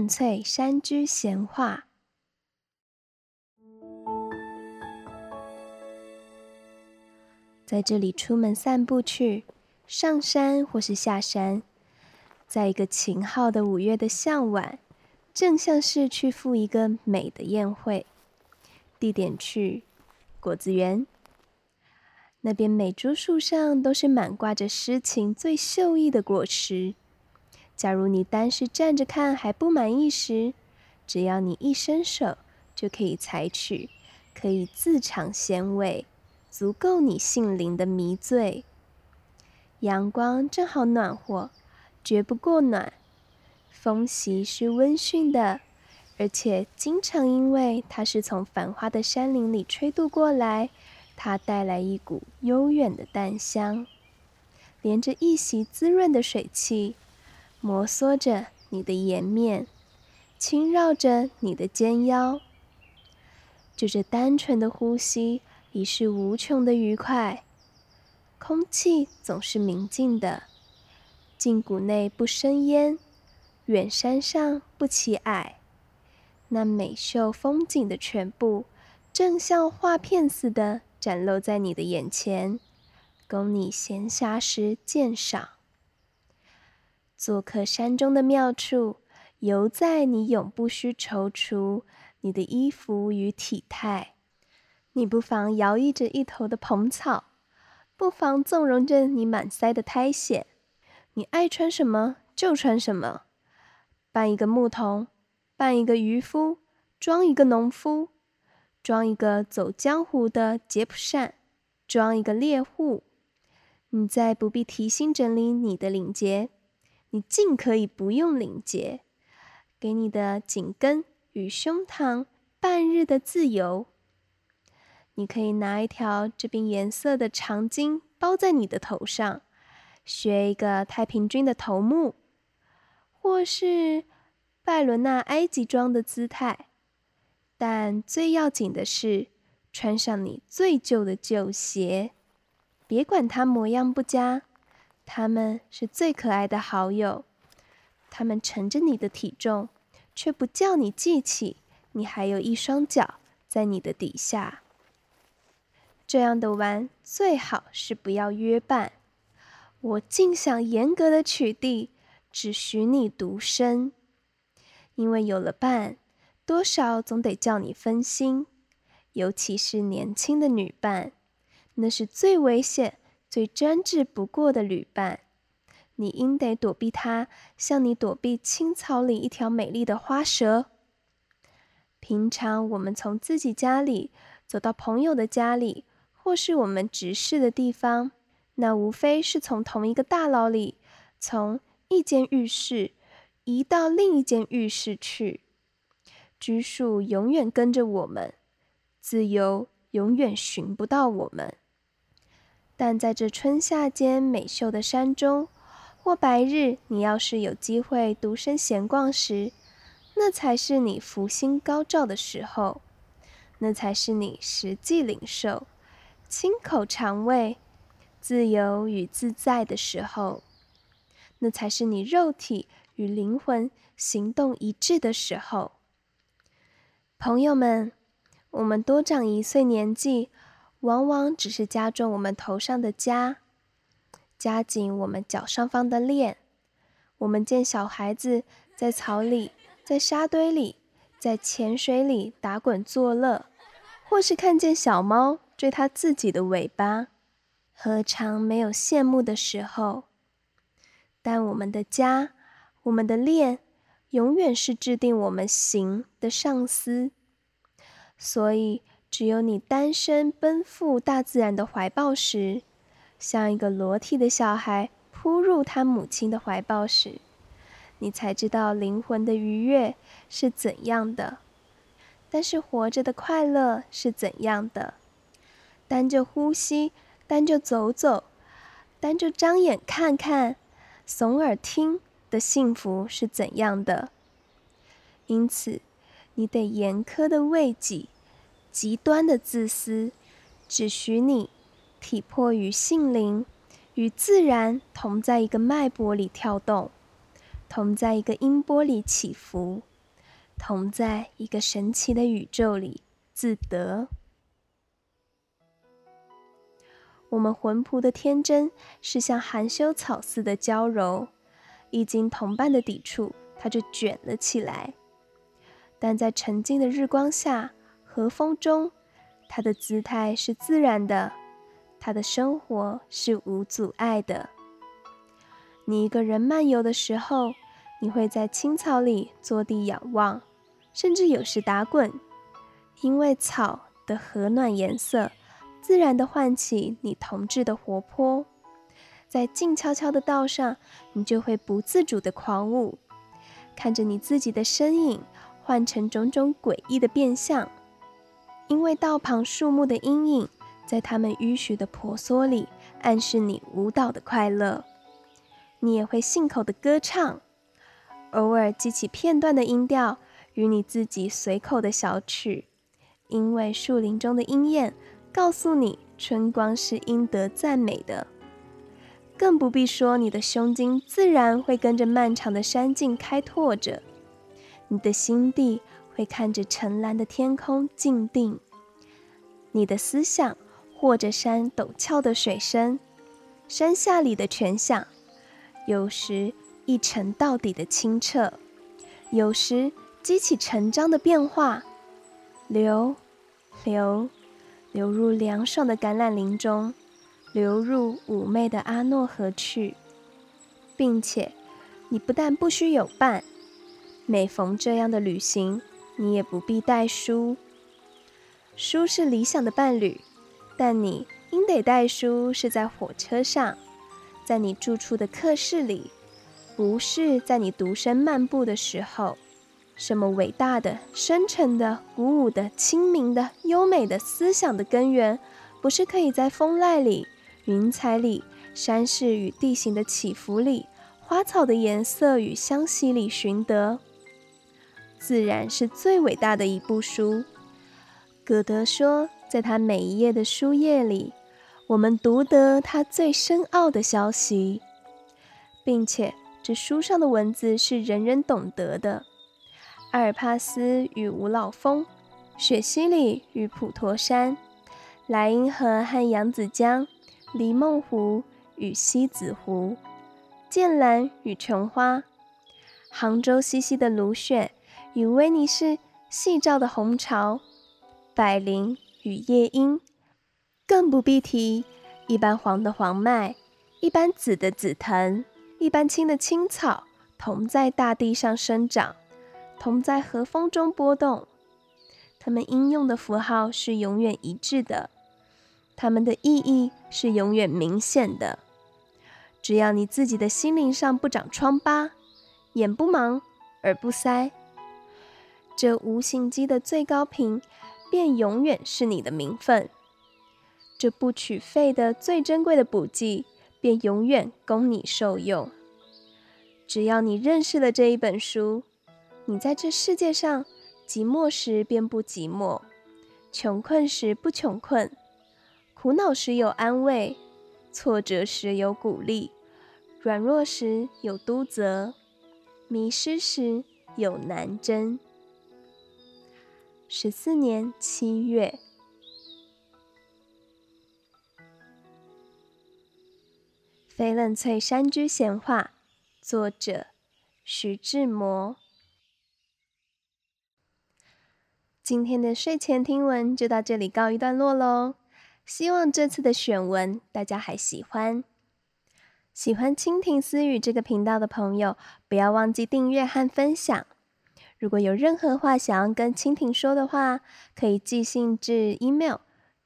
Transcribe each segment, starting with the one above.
《翡冷翠山居閒話》在這裡出門散步去，上山或是下山，在一個晴好的五月的向晚，正像是去赴一個美的宴會。地點去果子園，那邊每株樹上都是滿掛着詩情最秀逸的果實。假如你單是站着看還不滿意時，只要你一伸手，就可以採取，可以自嘗鮮味，足夠你性靈的迷醉。陽光正好暖和，絕不過暖。風習是溫馴的，而且經常因為它是從繁花的山林裡吹渡過來，它帶來一股悠遠的淡香，連着一襲滋潤的水汽。摩挲着你的顏面，輕繞着你的肩腰。就這單純的呼吸，已是無窮的愉快。空氣總是明淨的，近谷內不生煙，遠山上不起靄。那美秀風景的全部，正像畫片似的展露在你的眼前，供你閒暇時鑑賞。做客山中的妙處，尤在你永不需躊躇你的衣服與體態。你不妨搖曳着一頭的蓬草，不妨縱容着你滿腮的苔蘚，你愛穿什麼就穿什麼。扮一個牧童，扮一個漁夫，裝一個農夫，裝一個走江湖的吉普賽，裝一個獵戶，你再不必提心整理你的領結。你盡可以不用領結，給你的頸根與胸膛半日的自由。你可以拿一條這邊顏色的長巾包在你的頭上，學一個太平軍的頭目，或是拜倫納埃及裝的姿態。但最要緊的是，穿上你最舊的舊鞋，別管它模樣不佳。他們是最可愛的好友，他們承着你的體重，卻不叫你記起，你還有一雙腳在你的底下。這樣的玩最好是不要約伴，我竟想嚴格的取締，只許你獨身，因為有了伴，多少總得叫你分心，尤其是年輕的女伴，那是最危險。最專制不過的旅伴，你應得躲避它，像你躲避青草裡一條美麗的花蛇。平常我們從自己家裡走到朋友的家裡，或是我們直視的地方，那無非是從同一個大牢裡，從一間浴室移到另一間浴室去。拘束永遠跟着我們，自由永遠尋不到我們。但在這春夏間美秀的山中，或白日，你要是有機會獨身閒逛時，那才是你福星高照的時候，那才是你實際領受、親口嘗味、自由與自在的時候，那才是你肉體與靈魂行動一致的時候。朋友們，我們多長一歲年紀，往往只是加重我們頭上的枷，加緊我們腳上方的鏈。我們見小孩子在草裡、在沙堆裡、在淺水裡打滾作樂，或是看見小貓追它自己的尾巴，何嘗沒有羨慕的時候？但我們的枷、我們的鏈，永遠是制定我們行的上司，所以。只有你單身奔赴大自然的懷抱時，像一個裸體的小孩撲入他母親的懷抱時，你才知道靈魂的愉悅是怎樣的；但是活着的快樂是怎樣的？單就呼吸，單就走走，單就張眼看看，聳耳聽的幸福是怎樣的？因此，你得嚴苛的慰藉。極端的自私，只許你體魄與性靈與自然同在一個脈搏裡跳動，同在一個音波裡起伏，同在一個神奇的宇宙裡自得。我們魂魄的天真，是像含羞草似的嬌柔，一經同伴的抵觸，它就捲了起來；但在沉靜的日光下，和風中，它的姿態是自然的，它的生活是無阻礙的。你一個人漫遊的時候，你會在青草裡坐地仰望，甚至有時打滾，因為草的和暖顏色，自然的喚起你童稚的活潑。在靜悄悄的道上，你就會不自主的狂舞，看着你自己的身影，換成種種詭異的變相。因為道旁樹木的陰影，在他們迂徐的婆娑裡，暗示你舞蹈的快樂；你也會信口的歌唱，偶爾記起片段的音調，與你自己隨口的小曲。因為樹林中的鶯燕，告訴你春光是應得讚美的；更不必說你的胸襟，自然會跟着漫長的山徑開拓着，你的心地。會看着澄藍的天空靜定，你的思想，或者山陡峭的水聲，山下裡的泉響，有時一澄到底的清澈，有時激起成章的變化，流，流，流入涼爽的橄欖林中，流入嫵媚的阿諾河去，並且，你不但不需有伴，每逢這樣的旅行。你也不必帶書，書是理想的伴侶，但你應得帶書是在火車上，在你住處的客室裡，不是在你獨身漫步的時候。什麼偉大的、深沉的、鼓舞的、清明的、優美的思想的根源，不是可以在風籟裡、雲彩裡、山勢與地形的起伏裡、花草的顏色與香氣裡尋得？自然是最偉大的一部書，歌德說，在他每一頁的書頁裡，我們讀得他最深奧的消息，並且這書上的文字是人人懂得的。阿爾帕斯與五老峰，雪西里與普陀山，萊茵河和揚子江，漓夢湖與西子湖，建蘭與瓊花，杭州西溪的蘆雪，與威尼斯夕照的紅潮、百靈與夜鶯，更不必提一般黃的黃麥、一般紫的紫藤、一般青的青草，同在大地上生長，同在和風中波動。它們應用的符號是永遠一致的，它們的意義是永遠明顯的。只要你自己的心靈上不長瘡疤，眼不盲，耳不塞。這無形機的最高頻，便永遠是你的名分；這不取費的最珍貴的補劑，便永遠供你受用。只要你認識了這一本書，你在這世界上寂寞時便不寂寞，窮困時不窮困，苦惱時有安慰，挫折時有鼓勵，軟弱時有督責，迷失時有南針。十四年七月，《翡冷翠山居閒話》作者徐志摩。今天的睡前聽文就到這裡告一段落嘍，希望這次的選文大家還喜歡。喜歡蜻蜓私語這個頻道的朋友，不要忘記訂閱和分享。如果有任何話想要跟蜻蜓說的話，可以寄信至 email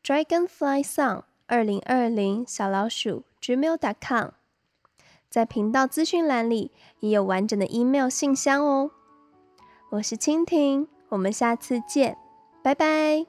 dragonfly song 二零二零小老鼠 gmail dot com，在頻道資訊欄裡也有完整的 email 信箱哦。我是蜻蜓，我們下次見，拜拜。